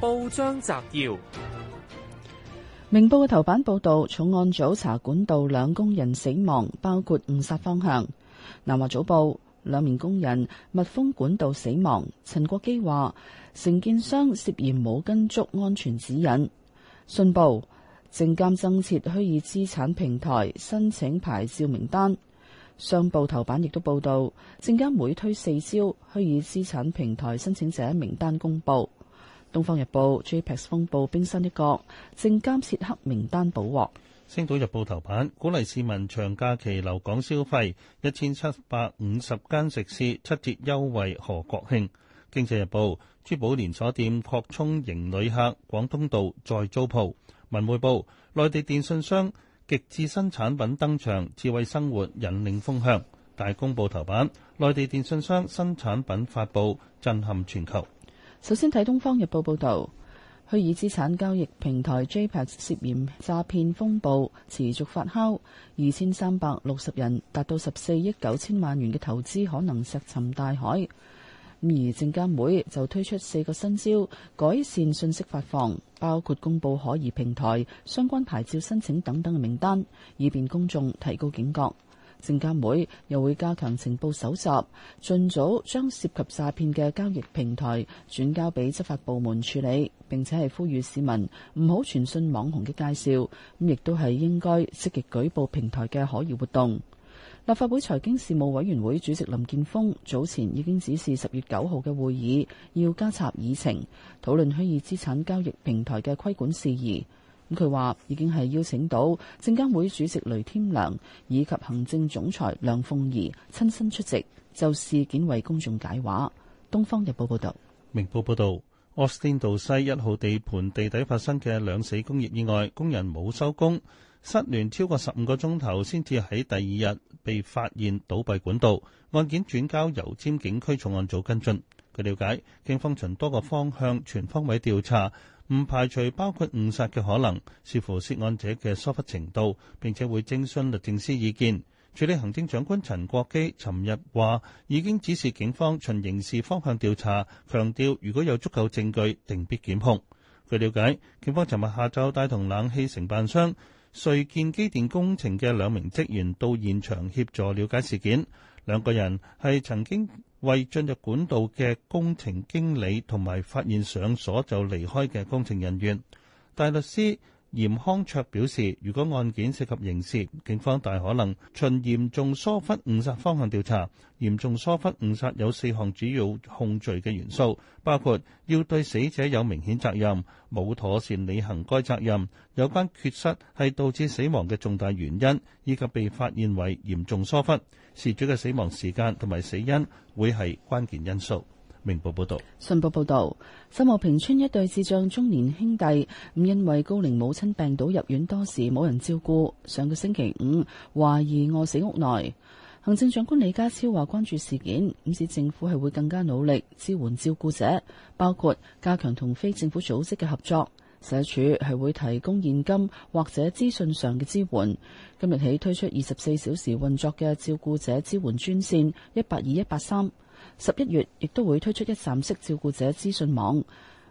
報章摘要：明報嘅頭版報道，重案組查管道兩工人死亡，包括誤殺方向。南華早報兩名工人密封管道死亡。陳國基話，承建商涉嫌冇跟足安全指引。信報證監增設虛擬資產平台申請牌照名單。商報頭版亦都報道，證監每推四招虛擬資產平台申請者名單公布。《東方日報》JPEX 風暴冰山一角，證監視黑名單捕獲。《星島日報》頭版鼓勵市民長假期留港消費，一千七百五十間食肆七折優惠賀國慶。《經濟日報》珠寶連鎖店擴充迎旅客，廣東道再租鋪。《文匯報》內地電信商極致新產品登場，智慧生活引領風向。《大公報》頭版內地電信商新產品發布，震撼全球。首先睇《東方日報》報道，虛擬資產交易平台 JPEX 涉嫌詐騙風暴持續發酵，二千三百六十人達到十四億九千萬元嘅投資，可能石沉大海。而證監會就推出四個新招，改善信息發放，包括公布可疑平台相關牌照申請等等嘅名單，以便公眾提高警覺。證監會又會加強情報搜集，盡早將涉及詐騙嘅交易平台轉交俾執法部門處理，並且係呼籲市民唔好傳信網紅嘅介紹，咁亦都係應該積極舉報平台嘅可疑活動。立法會財經事務委員會主席林建峰早前已經指示十月九號嘅會議要加插議程，討論虛擬資產交易平台嘅規管事宜。佢話已經係邀請到證監會主席雷添良以及行政總裁梁鳳儀親身出席就事件為公眾解話。《東方日報》報道。《明報》報導，奧斯汀道西一號地盤地底發生嘅兩死工業意外，工人冇收工，失聯超過十五個鐘頭，先至喺第二日被發現倒閉管道。案件轉交油尖警區重案組跟進。據了解，警方循多個方向全方位調查。唔排除包括誤殺嘅可能，視乎涉案者嘅疏忽程度，並且會徵詢律政司意見。署理行政長官陳國基尋日話，已經指示警方循刑事方向調查，強調如果有足夠證據，定必檢控。據了解，警方尋日下晝帶同冷氣承辦商瑞建機電工程嘅兩名職員到現場協助了解事件，兩個人係曾經為進入管道嘅工程經理同埋發現上鎖就離開嘅工程人員，大律師嚴康卓表示，如果案件涉及刑事，警方大可能循嚴重疏忽誤殺方向調查。嚴重疏忽誤殺有四項主要控罪嘅元素，包括要對死者有明顯責任，冇妥善履行該責任；有關缺失係導致死亡嘅重大原因，以及被發現為嚴重疏忽。事主嘅死亡時間同埋死因會係關鍵因素。明報,報報道，信報報道，秀茂坪邨一對智障中年兄弟，咁因為高齡母親病倒入院多時，冇人照顧，上個星期五懷疑餓死屋內。行政長官李家超話關注事件，咁使政府係會更加努力支援照顧者，包括加強同非政府組織嘅合作，社署係會提供現金或者資訊上嘅支援。今日起推出二十四小時運作嘅照顧者支援專線一八二一八三。十一月亦都會推出一站式照顧者資訊網，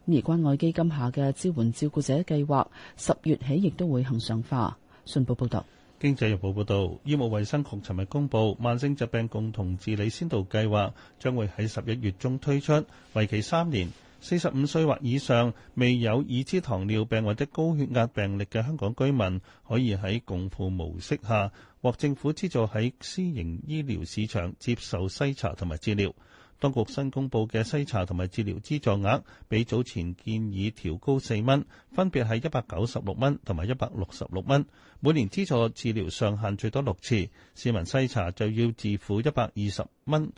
而關愛基金下嘅支援照顧者計劃，十月起亦都會恒常化。信報報道，經濟日報報道，醫務衛生局尋日公布，慢性疾病共同治理先導計劃將會喺十一月中推出，為期三年，四十五歲或以上未有已知糖尿病或者高血壓病歷嘅香港居民，可以喺共付模式下。獲政府資助喺私營醫療市場接受篩查同埋治療。當局新公佈嘅篩查同埋治療資助額，比早前建議調高四蚊，分別係一百九十六蚊同埋一百六十六蚊。每年資助治療上限最多六次，市民篩查就要自付一百二十蚊。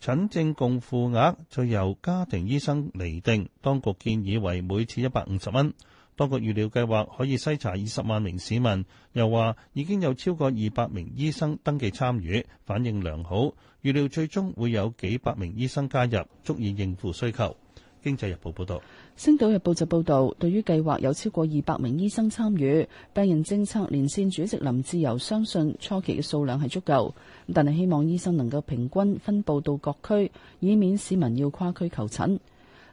診症共付額就由家庭醫生釐定，當局建議為每次一百五十蚊。包括預料計劃可以篩查二十萬名市民，又話已經有超過二百名醫生登記參與，反應良好。預料最終會有幾百名醫生加入，足以應付需求。經濟日報報導，《星島日報》就報導，對於計劃有超過二百名醫生參與，病人政策連線主席林志由相信初期嘅數量係足夠，但係希望醫生能夠平均分佈到各區，以免市民要跨區求診。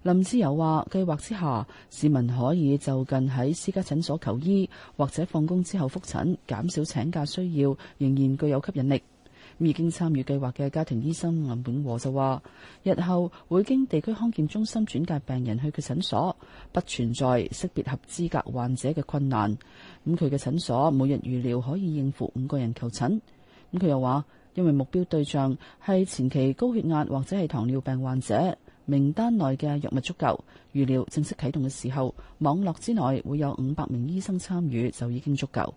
林志友話計劃之下，市民可以就近喺私家診所求醫，或者放工之後複診，減少請假需要，仍然具有吸引力。咁已經參與計劃嘅家庭醫生林本和就話，日後會經地區康健中心轉介病人去佢診所，不存在識別合資格患者嘅困難，咁佢嘅診所每日預料可以應付五個人求診，咁佢又話因為目標對象係前期高血壓或者係糖尿病患者。名單內嘅藥物足夠，預料正式啟動嘅時候，網絡之內會有五百名醫生參與，就已經足夠。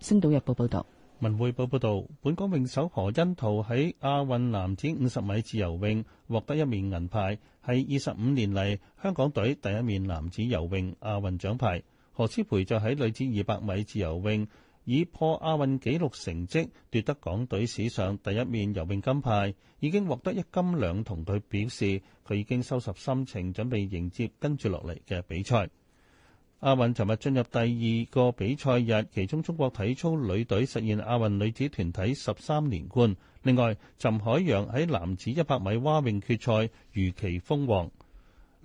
星島日報報道：「文匯報報道，本港泳手何甄陶喺亞運男子五十米自由泳獲得一面銀牌，係二十五年嚟香港隊第一面男子游泳亞運獎牌。何詩蓓就喺女子二百米自由泳，以破亞運紀錄成績奪得港隊史上第一面游泳金牌，已經獲得一金兩銅。佢表示佢已經收拾心情，準備迎接跟住落嚟嘅比賽。亞運尋日進入第二個比賽日，其中中國體操女隊實現亞運女子團體十三連冠。另外，覃海洋喺男子一百米蛙泳決賽如期封王。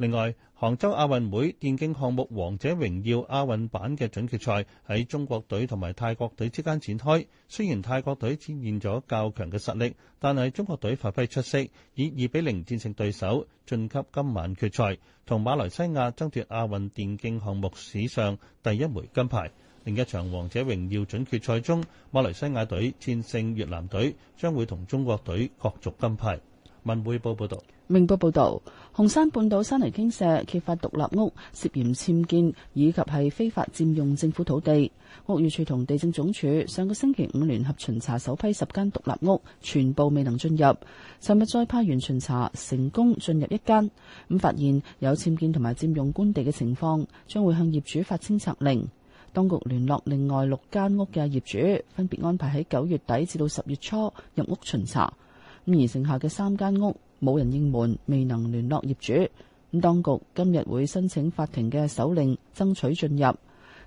另外，杭州亞運會電競項目《王者榮耀》亞運版嘅準決賽喺中國隊同埋泰國隊之間展開。雖然泰國隊展現咗較強嘅實力，但係中國隊發揮出色，以二比零戰勝對手，晉級今晚決賽，同馬來西亞爭奪亞運電競項目史上第一枚金牌。另一場《王者榮耀》準決賽中，馬來西亞隊戰勝越南隊，將會同中國隊角逐金牌。文匯報報道。明報報道，紅山半島山泥傾瀉，揭發獨立屋涉嫌僭建以及係非法占用政府土地。屋宇署同地政總署上個星期五聯合巡查首批十間獨立屋，全部未能進入。尋日再派員巡查，成功進入一間，咁發現有僭建同埋占用官地嘅情況，將會向業主發清拆令。當局聯絡另外六間屋嘅業主，分別安排喺九月底至到十月初入屋巡查。咁而剩下嘅三間屋。冇人應門，未能聯絡業主。咁，當局今日會申請法庭嘅手令，爭取進入。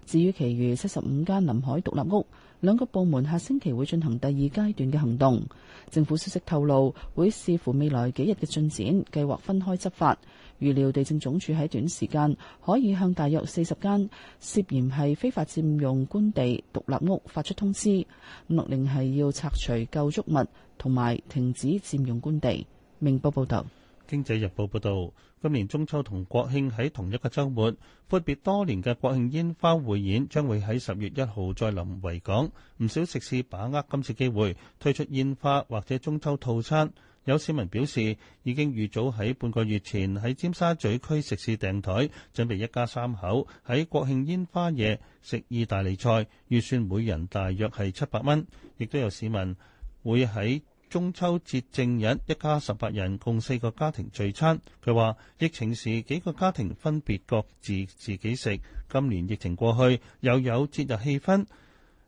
至於其餘七十五間臨海獨立屋，兩個部門下星期會進行第二階段嘅行動。政府消息透露，會視乎未來幾日嘅進展，計劃分開執法。預料地政總署喺短時間可以向大約四十間涉嫌係非法佔用官地獨立屋發出通知，勒令係要拆除構築物同埋停止佔用官地。明報報道，《經濟日報》報道，今年中秋同國慶喺同一個周末，闊別多年嘅國慶煙花匯演將會喺十月一號再臨維港。唔少食肆把握今次機會，推出煙花或者中秋套餐。有市民表示，已經預早喺半個月前喺尖沙咀區食肆訂台，準備一家三口喺國慶煙花夜食意大利菜，預算每人大約係七百蚊。亦都有市民會喺。中秋節正日，一家十八人共四個家庭聚餐。佢話疫情時幾個家庭分別各自自己食，今年疫情過去又有節日氣氛，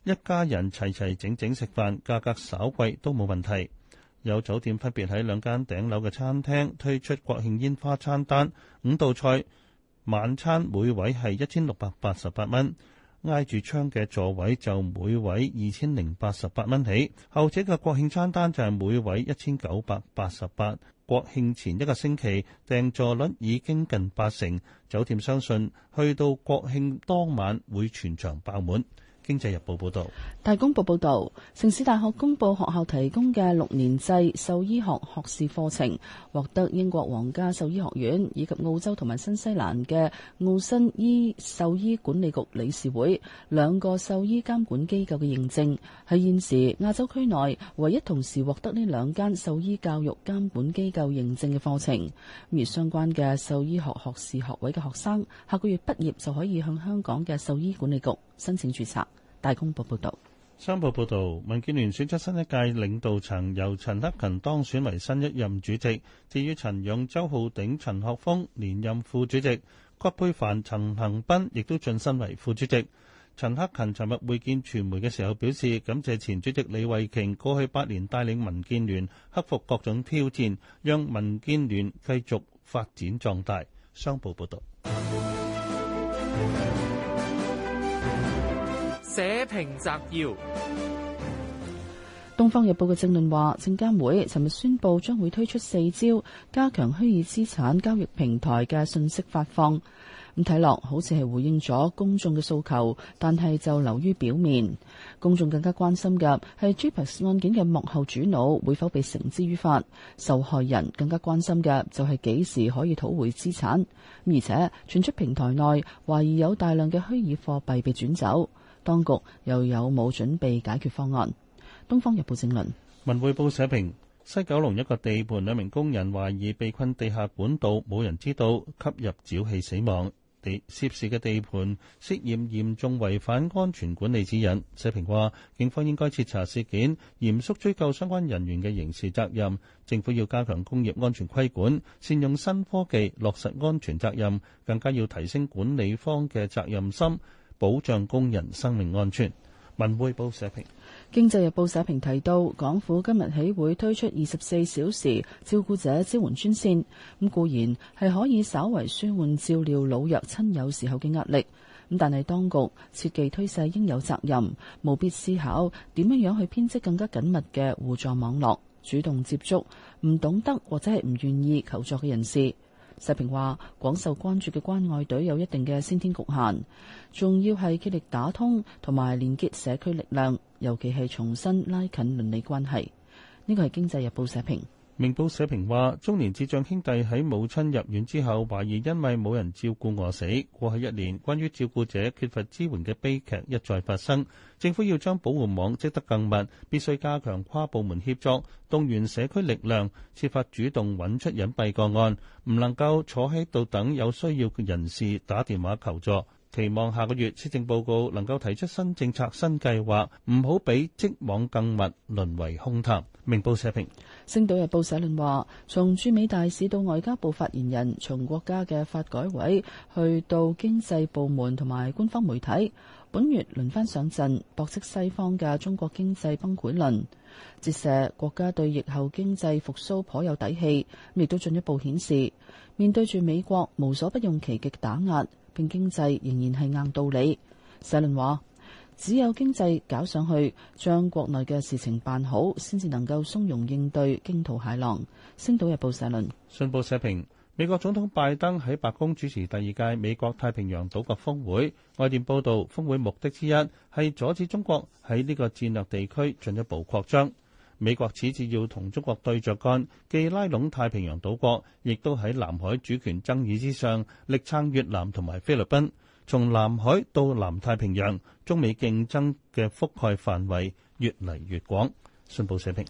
一家人齊齊整整食飯，價格稍貴都冇問題。有酒店分別喺兩間頂樓嘅餐廳推出國慶煙花餐單，五道菜晚餐每位係一千六百八十八蚊。挨住窗嘅座位就每位二千零八十八蚊起，後者嘅國慶餐單就係每位一千九百八十八。國慶前一個星期訂座率已經近八成，酒店相信去到國慶當晚會全場爆滿。經濟日報報導，大公報報導，城市大學公布學校提供嘅六年制獸醫學學士課程獲得英國皇家獸醫學院以及澳洲同埋新西蘭嘅澳新醫獸醫管理局理事會兩個獸醫監管機構嘅認證，係現時亞洲區內唯一同時獲得呢兩間獸醫教育監管機構認證嘅課程。咁而相關嘅獸醫學學士學位嘅學生，下個月畢業就可以向香港嘅獸醫管理局申請註冊。大公報報道，商報報道，民建聯選出新一屆領導層，由陳克勤當選為新一任主席，至於陳勇、周浩鼎、陳學峰連任副主席，郭佩凡、陳恒斌亦都晉身為副主席。陳克勤尋日會見傳媒嘅時候表示，感謝前主席李慧瓊過去八年帶領民建聯克服各種挑戰，讓民建聯繼續發展壯大。商報報道。報章摘要，《東方日報》嘅正論話，證監會尋日宣布將會推出四招加強虛擬資產交易平台嘅信息發放。咁睇落好似係回應咗公眾嘅訴求，但係就流於表面。公眾更加關心嘅係 JPEX 案件嘅幕後主腦會否被繩之於法？受害人更加關心嘅就係幾時可以討回資產。而且傳出平台內懷疑有大量嘅虛擬貨幣被轉走。當局又有冇準備解決方案？《東方日報》正論。《文匯報》社評：西九龍一個地盤，兩名工人懷疑被困地下管道，冇人知道，吸入沼氣死亡。地涉事嘅地盤涉嫌嚴重違反安全管理指引。社評話：警方應該徹查事件，嚴肅追究相關人員嘅刑事責任。政府要加強工業安全規管，善用新科技，落實安全責任，更加要提升管理方嘅責任心，保障工人生命安全。文匯報社評，經濟日報社評提到，港府今日起會推出二十四小時照顧者支援專線。咁固然係可以稍為舒緩照料老弱親友時候嘅壓力。咁但係當局切忌推卸應有責任，務必思考點樣樣去編織更加緊密嘅互助網絡，主動接觸唔懂得或者係唔願意求助嘅人士。社評話，廣受關注嘅關愛隊有一定嘅先天局限，仲要係竭力打通同埋連結社區力量，尤其係重新拉近鄰里關係。呢個係《經濟日報》社評。明報社評話：中年智障兄弟喺母親入院之後，懷疑因為冇人照顧餓死。過去一年，關於照顧者缺乏支援嘅悲劇一再發生。政府要將保護網織得更密，必須加強跨部門協作，動員社區力量，設法主動揾出隱蔽個案，唔能夠坐喺度等有需要嘅人士打電話求助。期望下個月施政報告能夠提出新政策、新計劃，唔好俾織網更密淪為空談。明報社評。星島日報社論話，從駐美大使到外交部發言人，從國家嘅發改委去到經濟部門同埋官方媒體本月輪番上陣駁斥西方嘅中國經濟崩潰論，折射國家對疫後經濟復甦頗有底氣，亦都進一步顯示面對住美國無所不用其極打壓，並經濟仍然係硬道理。社論話。只有經濟搞上去，將國內嘅事情辦好，先至能夠從容應對驚濤駭浪。星島日報社論。信報社評：美國總統拜登喺白宮主持第二屆美國太平洋島國峰會，外電報道，峰會目的之一係阻止中國喺呢個戰略地區進一步擴張。美國此次要同中國對着幹，既拉攏太平洋島國，亦都喺南海主權爭議之上力撐越南同埋菲律賓。從南海到南太平洋，中美競爭嘅覆蓋範圍越嚟越廣。信報社評。